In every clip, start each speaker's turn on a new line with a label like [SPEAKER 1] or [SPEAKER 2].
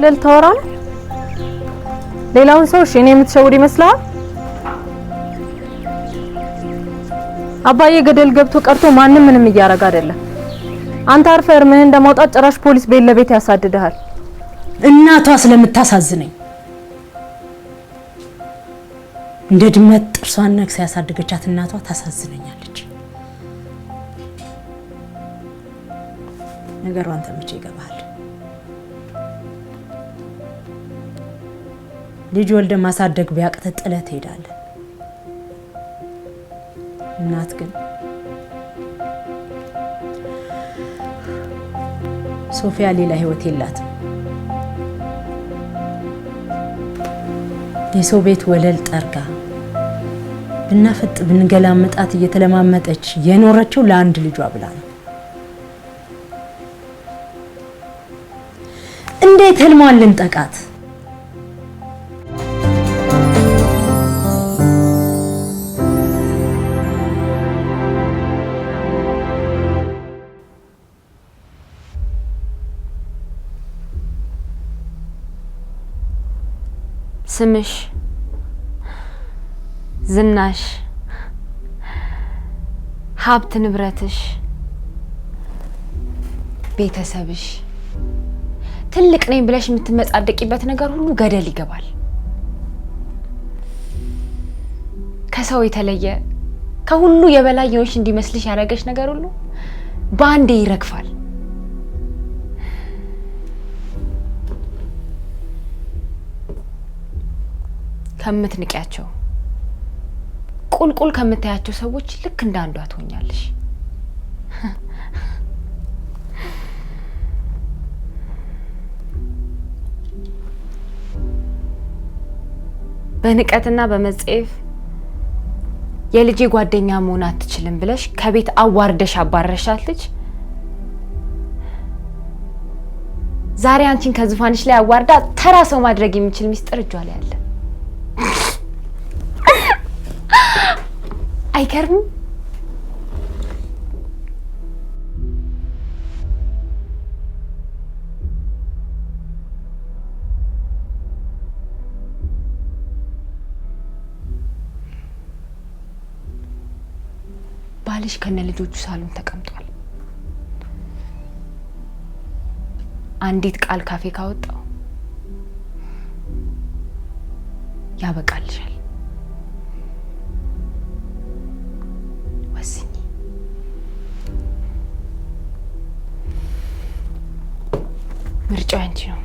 [SPEAKER 1] ብለህ ልታወራ ነው? ሌላውን ሰው እሺ፣ እኔ የምትሸውድ ይመስላል? አባዬ ገደል ገብቶ ቀርቶ ማንም ምንም እያደረገ አይደለም። አንተ አርፈህ እርምህን እንደማውጣት ጭራሽ ፖሊስ ቤት ለቤት ያሳድድሃል።
[SPEAKER 2] እናቷ ስለምታሳዝነኝ እንደ ድመት ጥርሷን ነክሳ ያሳደገቻት እናቷ ታሳዝነኛለች። ነገሯን ተመቼ ይገባል። ልጅ ወልደ ማሳደግ ቢያቅተ ጥለ ትሄዳለ። እናት ግን ሶፊያ ሌላ ህይወት የላትም። የሰው ቤት ወለል ጠርጋ ብናፈጥ ብንገላመጣት እየተለማመጠች የኖረችው ለአንድ ልጇ ብላ ነው። እንዴት ህልሟን ልንጠቃት
[SPEAKER 1] ስምሽ፣ ዝናሽ፣ ሀብት ንብረትሽ፣ ቤተሰብሽ ትልቅ ነኝ ብለሽ የምትመጻደቂበት ነገር ሁሉ ገደል ይገባል። ከሰው የተለየ ከሁሉ የበላይ የሆንሽ እንዲመስልሽ ያደረገሽ ነገር ሁሉ በአንዴ ይረግፋል። ከምትንቂያቸው ቁልቁል ከምታያቸው ሰዎች ልክ እንደ አንዷ ትሆኛለሽ። በንቀትና በመጸየፍ የልጄ ጓደኛ መሆን አትችልም ብለሽ ከቤት አዋርደሽ አባረሻት ልጅ ዛሬ አንቺን ከዙፋንሽ ላይ አዋርዳ ተራ ሰው ማድረግ የሚችል ሚስጥር እጇ ላይ አለ። አይገርምም? ባልሽ ከነ ልጆቹ ሳሎን ተቀምጧል። አንዲት ቃል ካፌ ካወጣው ያበቃልሻል። ምርጫው ያንቺ ነው።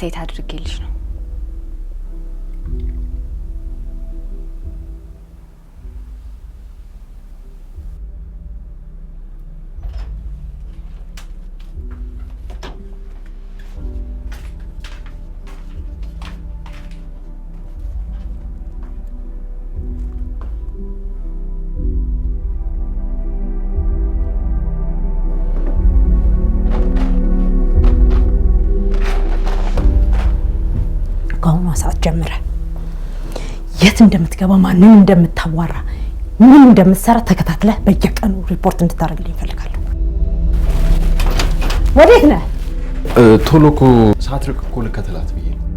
[SPEAKER 1] አስተያየት አድርጌልሽ ነው።
[SPEAKER 2] ከአሁኗ ሰዓት ጀምረ የት እንደምትገባ ማንን እንደምታዋራ ምን እንደምትሰራ ተከታትለ በየቀኑ ሪፖርት እንድታደርግልኝ ይፈልጋሉ። ወዴት ነህ?
[SPEAKER 3] ቶሎ እኮ ሳትርቅ እኮ ልከተላት ብዬ ነው።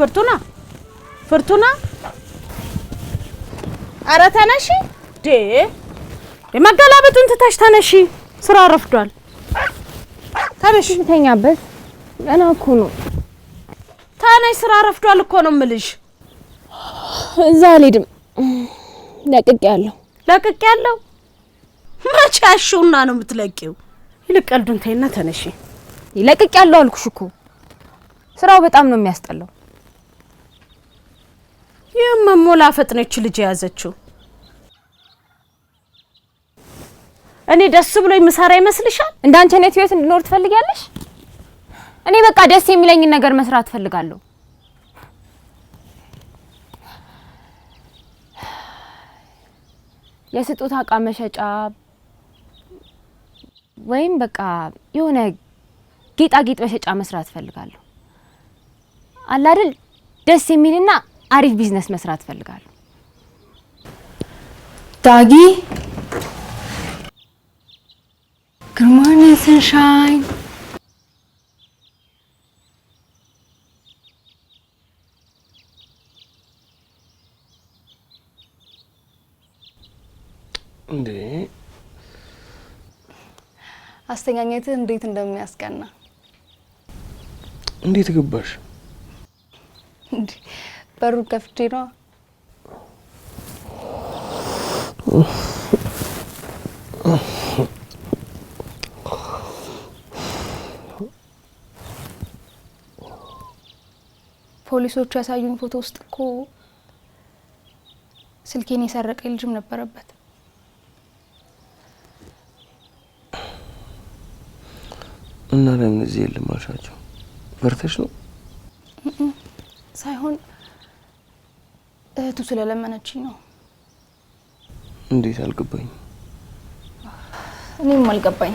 [SPEAKER 2] ፍርቱና ፍርቱና፣ አረ ተነሺ ዴ የመገላበጡን ትተሽ ተነሺ፣ ስራ ረፍዷል። ተነሺ ተኛበት። ገና እኮ ነው። ተነሽ፣ ስራ ረፍዷል እኮ ነው የምልሽ።
[SPEAKER 1] እዛ አልሄድም፣ ለቅቄያለሁ።
[SPEAKER 2] ለቅቄያለሁ? መቼ ያልሽውና ነው የምትለቂው? ይልቅ ቀልዱን ተይና ተነሺ።
[SPEAKER 1] ለቅቄያለሁ አልኩሽ እኮ። ስራው በጣም ነው የሚያስጠላው።
[SPEAKER 2] ይህም መሞላ ፈጥነች ልጅ የያዘችው እኔ ደስ ብሎ የምሰራ ይመስልሻል?
[SPEAKER 1] እንዳንቺ አይነት ህይወት እንድኖር ትፈልጊያለሽ? እኔ በቃ ደስ የሚለኝን ነገር መስራት እፈልጋለሁ። የስጦታ እቃ መሸጫ ወይም በቃ የሆነ ጌጣጌጥ መሸጫ መስራት እፈልጋለሁ። አለ አይደል ደስ የሚልና አሪፍ ቢዝነስ መስራት እፈልጋለሁ። ዳጊ ግርማን ሰንሻይን እንዴ አስተኛኘትህ እንዴት እንደሚያስቀና
[SPEAKER 3] እንዴት ገባሽ?
[SPEAKER 1] በሩ Barru ነው። ፖሊሶቹ ያሳዩኝ ፎቶ ውስጥ እኮ ስልኬን የሰረቀ ልጅም ነበረበት።
[SPEAKER 3] እና ለምን እዚህ የልማሻቸው በርተሽ ነው
[SPEAKER 1] ሳይሆን ስለለመነችኝ ነው።
[SPEAKER 3] እንዴት አልገባኝ።
[SPEAKER 1] እኔም አልገባኝ።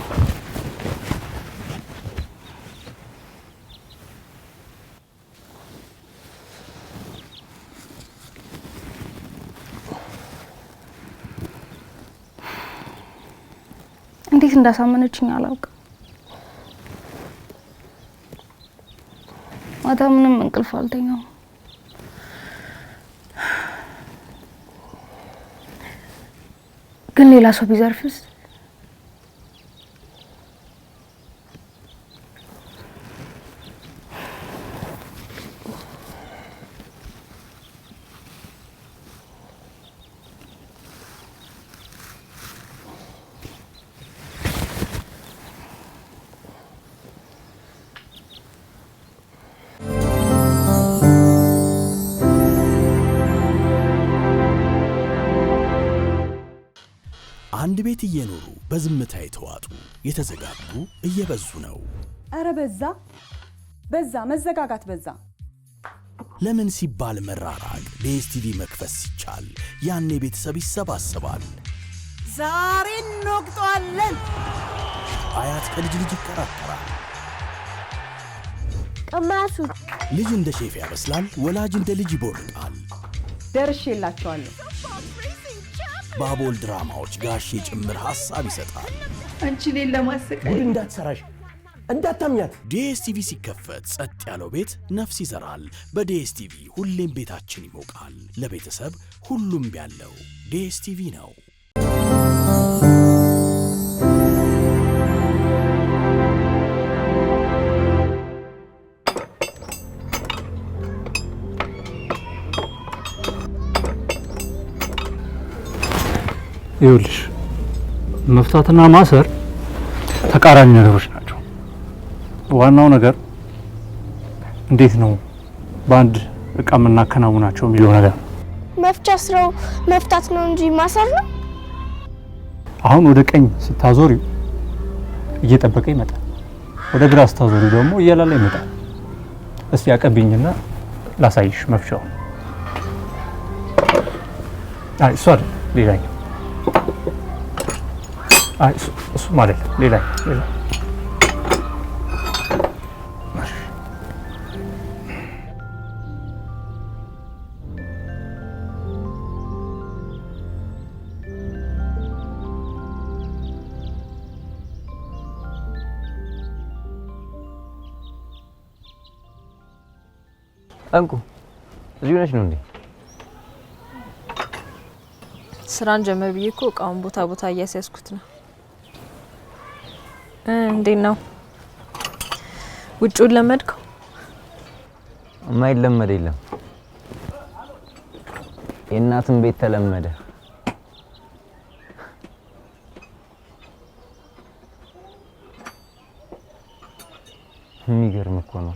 [SPEAKER 1] እንዴት እንዳሳመነችኝ አላውቅም። ማታ ምንም እንቅልፍ አልተኛውም። ግን ሌላ ሰው ቢዘርፍስ?
[SPEAKER 4] በዝምታ የተዋጡ የተዘጋጉ እየበዙ ነው።
[SPEAKER 1] አረ በዛ በዛ፣ መዘጋጋት በዛ።
[SPEAKER 4] ለምን ሲባል መራራቅ ለኤስቲቪ መክፈስ ሲቻል ያኔ ቤተሰብ ይሰባሰባል።
[SPEAKER 2] ዛሬ እንወቅጠዋለን።
[SPEAKER 4] አያት ከልጅ ልጅ ይከራከራል። ቅማሱ ልጅ እንደ ሼፍ ያበስላል፣ ወላጅ እንደ ልጅ ይቦርቃል።
[SPEAKER 1] ደርሼላችኋለሁ።
[SPEAKER 4] ባቦል ድራማዎች ጋሼ ጭምር ሀሳብ ይሰጣል።
[SPEAKER 1] አንቺ እኔን ለማሰቃየት
[SPEAKER 5] እንዳትሰራሽ እንዳታምኛት።
[SPEAKER 4] ዲኤስቲቪ ሲከፈት ጸጥ ያለው ቤት ነፍስ ይዘራል። በዲኤስቲቪ ሁሌም ቤታችን ይሞቃል። ለቤተሰብ ሁሉም ያለው ዲኤስቲቪ ነው።
[SPEAKER 3] ይኸውልሽ መፍታትና ማሰር ተቃራኒ ነገሮች ናቸው። ዋናው ነገር እንዴት ነው በአንድ እቃ የምናከናውናቸው የሚለው ነገር
[SPEAKER 1] መፍቻ ስራው መፍታት ነው እንጂ ማሰር ነው።
[SPEAKER 3] አሁን ወደ ቀኝ ስታዞሪ እየጠበቀ ይመጣል፣ ወደ ግራ ስታዞሪ ደግሞ እያላለ ይመጣል። እስቲ አቀብኝና ላሳይሽ መፍቻው። አይ እሷ አይደል ሌላኛው Sumare, lilai, lilai. Anku, ሊሆነች ነው እንዴ?
[SPEAKER 1] ስራን ጀመር ብዬ እኮ እቃውን ቦታ ቦታ እያስያዝኩት ነው። እንዴት ነው ውጭውን ለመድከው?
[SPEAKER 3] የማይለመድ የለም። የእናትን ቤት ተለመደ። የሚገርም እኮ ነው።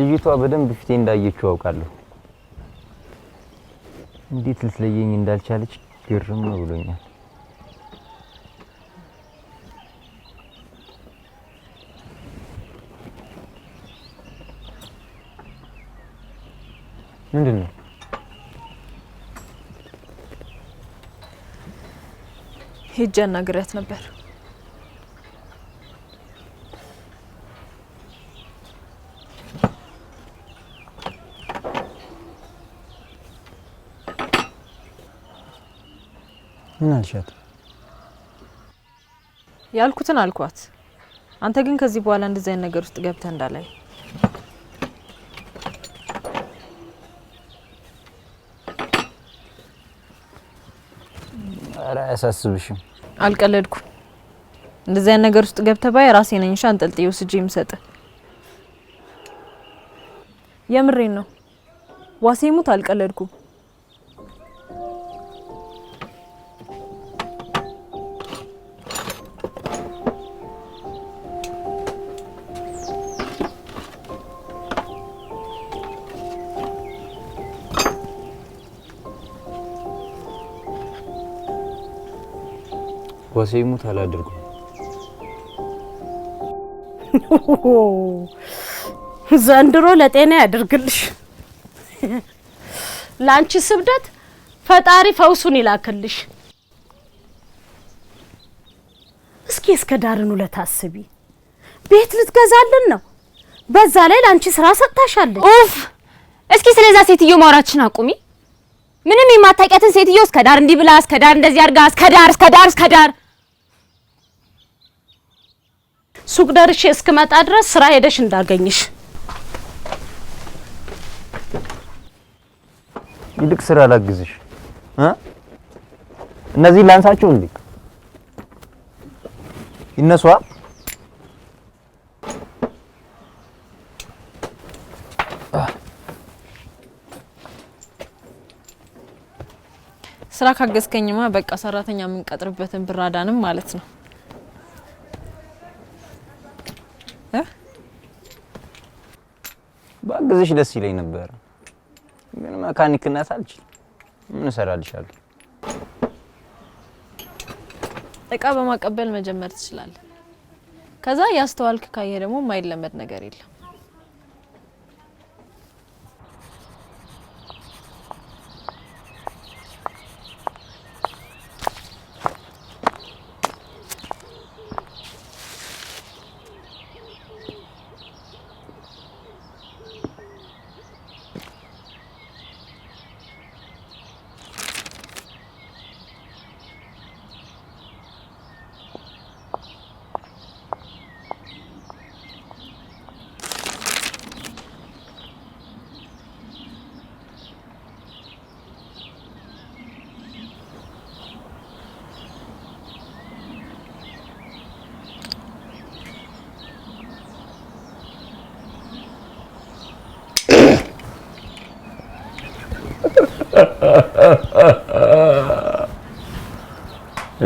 [SPEAKER 3] ልጅቷ በደንብ ፊቴ እንዳየችው አውቃለሁ። እንዴት ልትለየኝ እንዳልቻለች ግርም ብሎኛል። ምንድን ነው?
[SPEAKER 1] ሄጄ አናግሪያት ነበር። ምን አልሻት? ያልኩትን አልኳት። አንተ ግን ከዚህ በኋላ እንደዚህ አይነት ነገር ውስጥ ገብተህ እንዳላይ
[SPEAKER 3] ኧረ አያሳስብሽም።
[SPEAKER 1] እንደዚህ አይነት ነገር ውስጥ ገብተ ባይ ራሴ ነኝ እሺ፣ አንጠልጥዬ ወስጄ የምሰጥህ። የምሬን ነው ዋሴ ሙት። አልቀለድኩም።
[SPEAKER 3] ኳሴ ሙት አላደርጉም።
[SPEAKER 2] ዘንድሮ ለጤና ያደርግልሽ። ለአንቺ ስብደት ፈጣሪ ፈውሱን ይላክልሽ። እስኪ እስከ ዳርን ውለት አስቢ። ቤት ልትገዛልን ነው፣ በዛ ላይ ለአንቺ ስራ ሰጥታሻለች።
[SPEAKER 1] ኡፍ! እስኪ ስለዛ ሴትዮ ማውራችን አቁሚ። ምንም የማታውቂያትን ሴትዮ እስከ ዳር እንዲህ ብላ እስከ ዳር እንደዚህ አድርጋ እስከ ዳር እስከ ዳር እስከ ዳር
[SPEAKER 2] ሱቅ ደርሼ እስክመጣ ድረስ ስራ ሄደሽ እንዳገኝሽ።
[SPEAKER 3] ይልቅ ስራ ላግዝሽ። እነዚህ ላንሳችሁ እንዴ? ይነሷ።
[SPEAKER 1] ስራ ካገዝከኝማ በቃ ሰራተኛ የምንቀጥርበትን ብራዳንም ማለት ነው
[SPEAKER 3] ባግዝሽ ደስ ይለኝ ነበር ግን መካኒክነት አልችልም። ምን እሰራልሻለሁ?
[SPEAKER 1] እቃ በማቀበል መጀመር ትችላለህ። ከዛ ያስተዋልክ ካየ ደግሞ የማይለመድ ነገር የለም።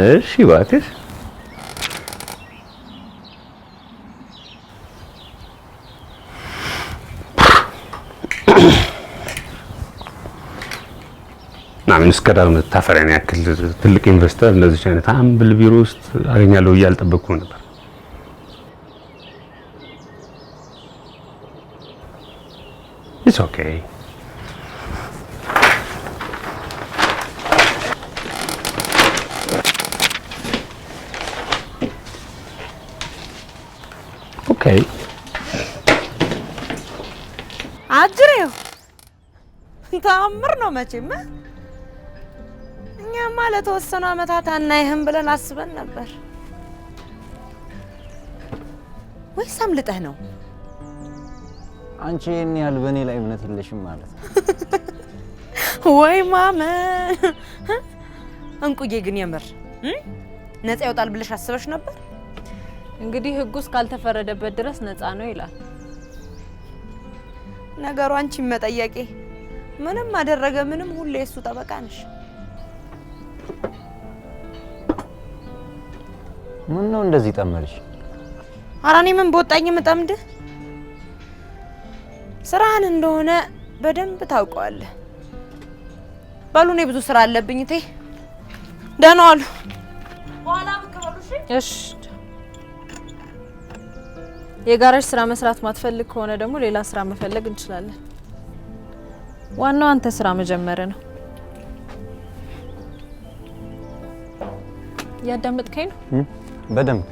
[SPEAKER 3] እሺ እባክሽ ምናምን እስከዳር መታፈሪያን ያክል ትልቅ ኢንቨስተር እንደዚህ አይነት አምብል ቢሮ ውስጥ አገኛለሁ ብዬ አልጠበቅኩም ነበር። ኢትስ ኦኬ
[SPEAKER 2] ተአምር ነው መቼም። እኛማ ለተወሰኑ አመታት አናይህም ብለን አስበን ነበር። ወይስ አምልጠህ ነው?
[SPEAKER 3] አንቺ ይህን ያህል በእኔ ላይ እምነት የለሽም ማለት ነው
[SPEAKER 2] ወይ? ማመን እንቁዬ፣ ግን የምር ነፃ ይወጣል ብለሽ አስበሽ ነበር?
[SPEAKER 1] እንግዲህ ህጉ እስካልተፈረደበት ድረስ ነፃ ነው ይላል
[SPEAKER 2] ነገሩ። አንቺ መጠየቄ ምንም አደረገ ምንም፣ ሁሌ እሱ ጠበቃ ነሽ።
[SPEAKER 3] ምን ነው እንደዚህ ጠመድሽ?
[SPEAKER 2] አራኔ እኔ ምን በወጣኝ የምጠምድ? ስራህን እንደሆነ በደንብ ታውቀዋለህ። በሉ እኔ ብዙ ስራ አለብኝ። እቴ ደህና ዋሉ። እሺ
[SPEAKER 1] የጋራጅ ስራ መስራት ማትፈልግ ከሆነ ደግሞ ሌላ ስራ መፈለግ እንችላለን። ዋናው አንተ ስራ መጀመር ነው። ያዳመጥከኝ
[SPEAKER 3] ነው በደንብ።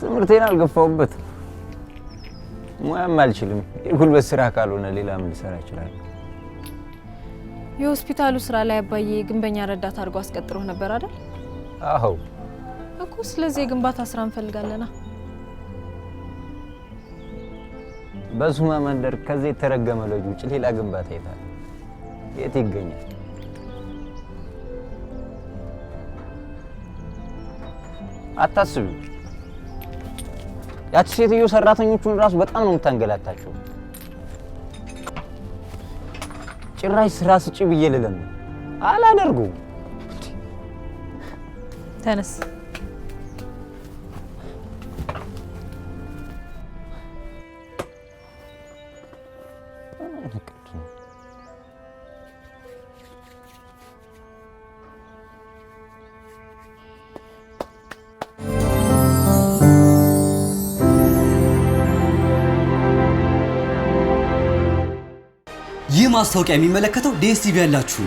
[SPEAKER 3] ትምህርቴን አልገፋውበት፣ ሙያም አልችልም። የጉልበት ስራ ካልሆነ ሌላ ምን ልሰራ እችላለሁ?
[SPEAKER 1] የሆስፒታሉ ስራ ላይ አባዬ ግንበኛ ረዳት አድርጎ አስቀጥሮ ነበር አይደል? አዎ እኮ። ስለዚህ የግንባታ ስራ እንፈልጋለና
[SPEAKER 3] በሱማ መንደር ከዚህ የተረገመ ልጅ ውጭ ሌላ ግንባታ ይታል የት ይገኛል? አታስቢ። ያቺ ሴትዮ ሰራተኞቹን ራሱ በጣም ነው የምታንገላታቸው። ጭራሽ ስራ ስጪ ብዬ ልለም አላደርጉ።
[SPEAKER 1] ተነስ
[SPEAKER 6] ማስታወቂያ የሚመለከተው ዲኤስቲቪ ያላችሁ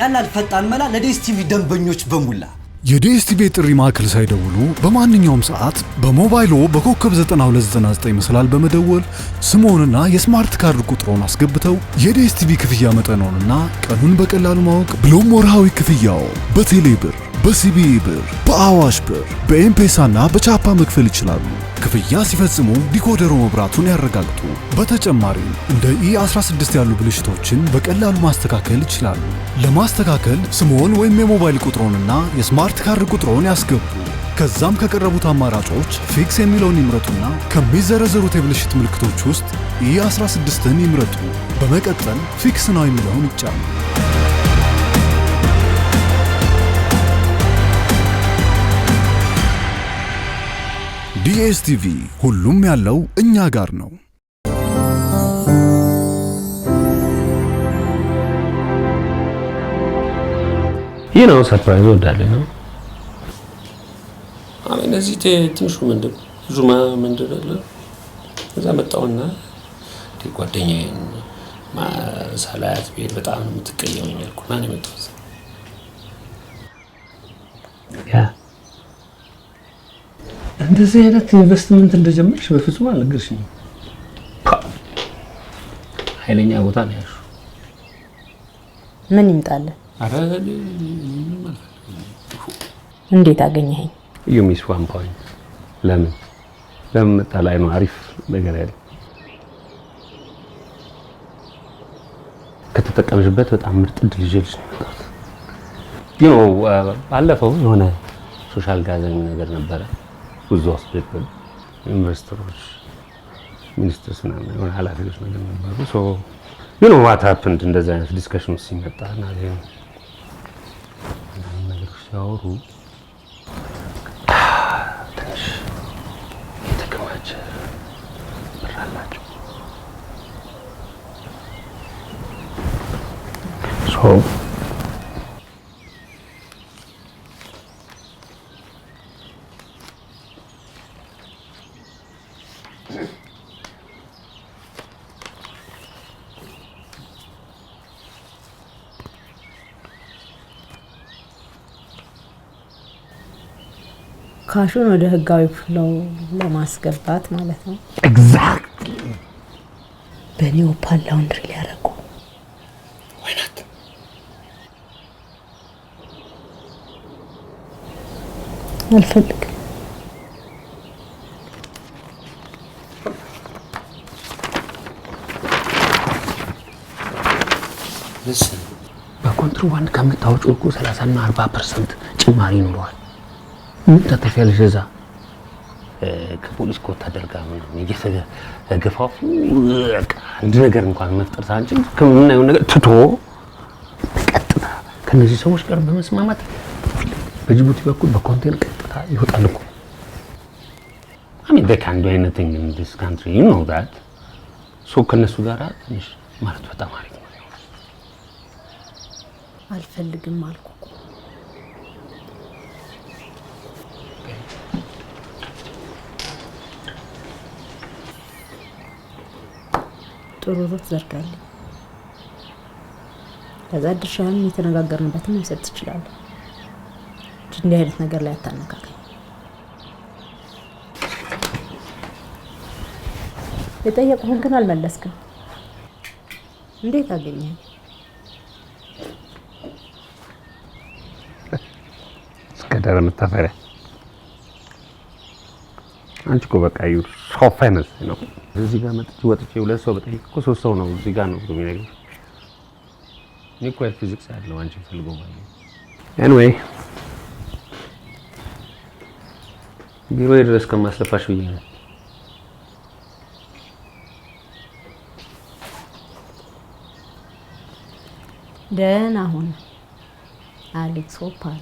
[SPEAKER 6] ቀላል ፈጣን መላ ለዲኤስቲቪ ደንበኞች በሙላ።
[SPEAKER 4] የዲኤስቲቪ ጥሪ ማዕከል ሳይደውሉ በማንኛውም ሰዓት በሞባይሎ በኮከብ 9299 መስላል በመደወል ስሞንና የስማርት ካርድ ቁጥሮን አስገብተው የዲኤስቲቪ ክፍያ መጠኖንና ቀኑን በቀላሉ ማወቅ ብሎም ወርሃዊ ክፍያው በቴሌ ብር፣ በሲቢኢ ብር፣ በአዋሽ ብር፣ በኤምፔሳና በቻፓ መክፈል ይችላሉ። ክፍያ ሲፈጽሙ ዲኮደሩ መብራቱን ያረጋግጡ። በተጨማሪም እንደ ኢ16 ያሉ ብልሽቶችን በቀላሉ ማስተካከል ይችላሉ። ለማስተካከል ስምዎን ወይም የሞባይል ቁጥሮንና የስማርት ካርድ ቁጥሮን ያስገቡ። ከዛም ከቀረቡት አማራጮች ፊክስ የሚለውን ይምረጡና ከሚዘረዘሩት የብልሽት ምልክቶች ውስጥ ኢ16ን ይምረጡ። በመቀጠል ፊክስ ነው የሚለውን ይጫኑ። ዲኤስቲቪ ሁሉም ያለው እኛ ጋር ነው።
[SPEAKER 3] ይህ ነው ሰርፕራይዝ ወዳለ ነው።
[SPEAKER 7] እነዚህ ትንሹ ምንድን ዙማ ምንድን አለ እዛ መጣውና ጓደኛዬን ሳላያት ቤት በጣም የምትቀየመኝ አልኩና ነው የመጣሁት
[SPEAKER 3] እንደዚህ አይነት ኢንቨስትመንት እንደጀመርሽ በፍጹም አልነገርሽኝም። ኃይለኛ ቦታ ነው ያልሽው።
[SPEAKER 1] ምን ይምጣለን? እንዴት አገኘኸኝ?
[SPEAKER 3] እዩ ሚስ ዋን ፖይንት ለምን ለምን መጣ ላይ ነው አሪፍ ነገር ያለ ከተጠቀምሽበት በጣም ምርጥ እድል ይዤልሽ ነው የመጣሁት። ባለፈው የሆነ ሶሻል ጋዘን ነገር ነበረ ብዙ ሆስፒታል ኢንቨስተሮች፣ ሚኒስትርስ ምናምን የሆነ ኃላፊዎች ነገር ነበሩ። ዩኖ ዋት ሀፕንድ እንደዚህ አይነት ዲስከሽን ውስጥ ሲመጣ እና ነገሮች ሲያወሩ ትንሽ የተከማቸ ብር አላቸው። ሶ
[SPEAKER 1] ርካሹን ወደ ህጋዊ ፍለው ለማስገባት ማለት ነው።
[SPEAKER 3] ኤግዛክት
[SPEAKER 1] በእኔ ኦፓል ላውንድሪ ሊያረጉ ወይናት አልፈልግም።
[SPEAKER 3] በኮንትሮባንድ ከምታወጪው እኮ 30 እና 40 ፐርሰንት ጭማሪ ይኖረዋል። ምን ታተፊያለሽ? እዛ ከፖሊስ ከወታደር ጋር ምናምን እየተገፋፉ አንድ ነገር እንኳን መፍጠር ሳንችል ከምናየው ነገር ትቶ ቀጥታ ከነዚህ ሰዎች ጋር በመስማማት በጅቡቲ በኩል ቀጥታ ይወጣል እኮ። ካንትሪ ዩ ሶ ከነሱ ጋር ትንሽ ማለት በጣም አሪፍ ነው።
[SPEAKER 1] አልፈልግም አልኩ። ጥሩ ሩት ዘርጋለሁ። ከዛ ድርሻህን የተነጋገርንበትን መውሰድ ትችላለህ። እንዲህ አይነት ነገር ላይ አታነካከኝ። የጠየቁህን ግን አልመለስክም። እንዴት አገኘህ?
[SPEAKER 3] እስከ ዳር አንቺ እኮ በቃ ዩ ሶ ፌመስ ነው። እዚህ ጋር መጥቼ ወጥቼ ሁለት ሰው በጠይቅ እኮ ሶስት ሰው ነው እዚህ ጋር ነው የሚነግረኝ። እኔ እኮ ያው ፊዚክስ ያለው አንቺ ፈልገው ማለት ኤኒዌይ ቢሮ ድረስ ከማስለፋሽ ብዬ ነው።
[SPEAKER 1] ደህና ሁን አሌክስ ሆፓል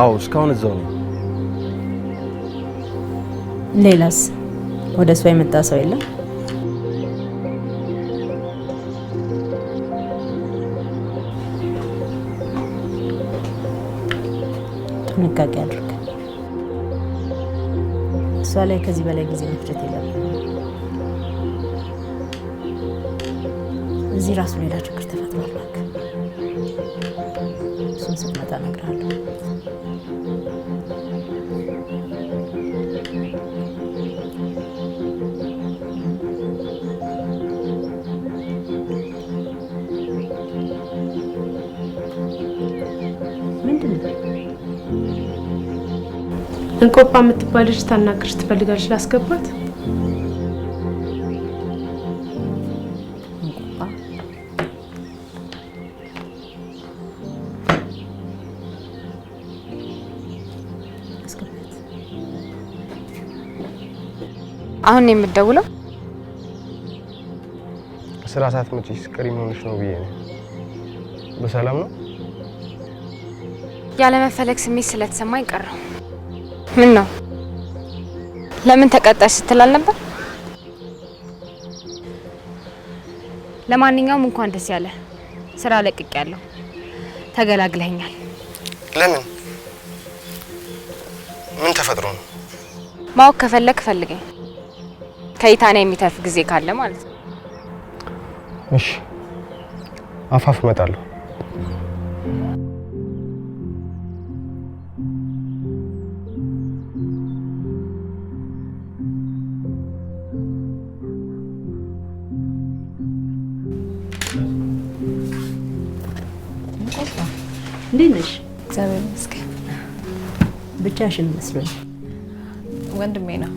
[SPEAKER 3] አዎ፣ እስካሁን እዛው ነው።
[SPEAKER 1] ሌላስ ወደ እሷ የመጣ ሰው የለም? ጥንቃቄ አድርግ። እሷ ላይ ከዚህ በላይ ጊዜ መፍጨት የለም። እዚህ ራሱ ሌላ ችግር ተፈጥሯል። እሱን ስትመጣ እነግርሃለሁ። እንቆጳ የምትባል ልጅ ታናግርሽ ትፈልጋለች። ላስገባት? አሁን ነው የምትደውለው?
[SPEAKER 3] ስራ ሳትመጪስ ቀሪ መሆንሽ ነው ብዬ ነው። በሰላም ነው?
[SPEAKER 1] ያለመፈለግ ስሜት ስለተሰማኝ ቀረው። ምን ነው ለምን ተቀጣሽ ስትላል ነበር? ለማንኛውም እንኳን ደስ ያለ ስራ ለቅቅ ያለው ተገላግለኛል።
[SPEAKER 3] ለምን ምን ተፈጥሮ ነው?
[SPEAKER 1] ማወቅ ከፈለክ ፈልገኝ። ከኢታንያ የሚተርፍ ጊዜ ካለ ማለት ነው።
[SPEAKER 3] እሺ አፋፍ እመጣለሁ።
[SPEAKER 1] እንዴት ነሽ? እግዚአብሔር ይመስገን። ብቻሽን መስሎኝ። ወንድሜ ነው።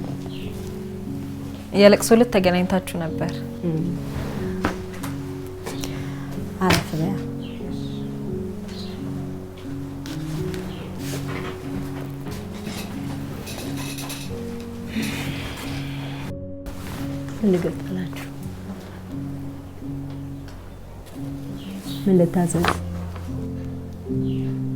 [SPEAKER 1] የለቅሶ ዕለት ተገናኝታችሁ ነበር። አረፍ በያ ምን ልታዘዝ Yeah.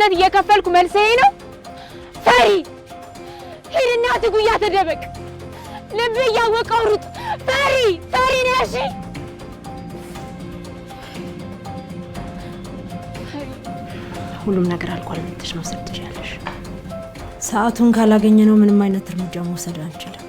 [SPEAKER 2] መስዋዕትነት እየከፈልኩ መልሴ ነው። ፈሪ ሂድና ትጉያ ተደበቅ። ልብ እያወቀው ሩጥ። ፈሪ ፈሪ ነሽ።
[SPEAKER 1] ሁሉም ነገር አልቋል። ምትሽ መውሰድ ትችያለሽ። ሰዓቱን ካላገኘ ነው ምንም አይነት እርምጃ መውሰድ አንችልም።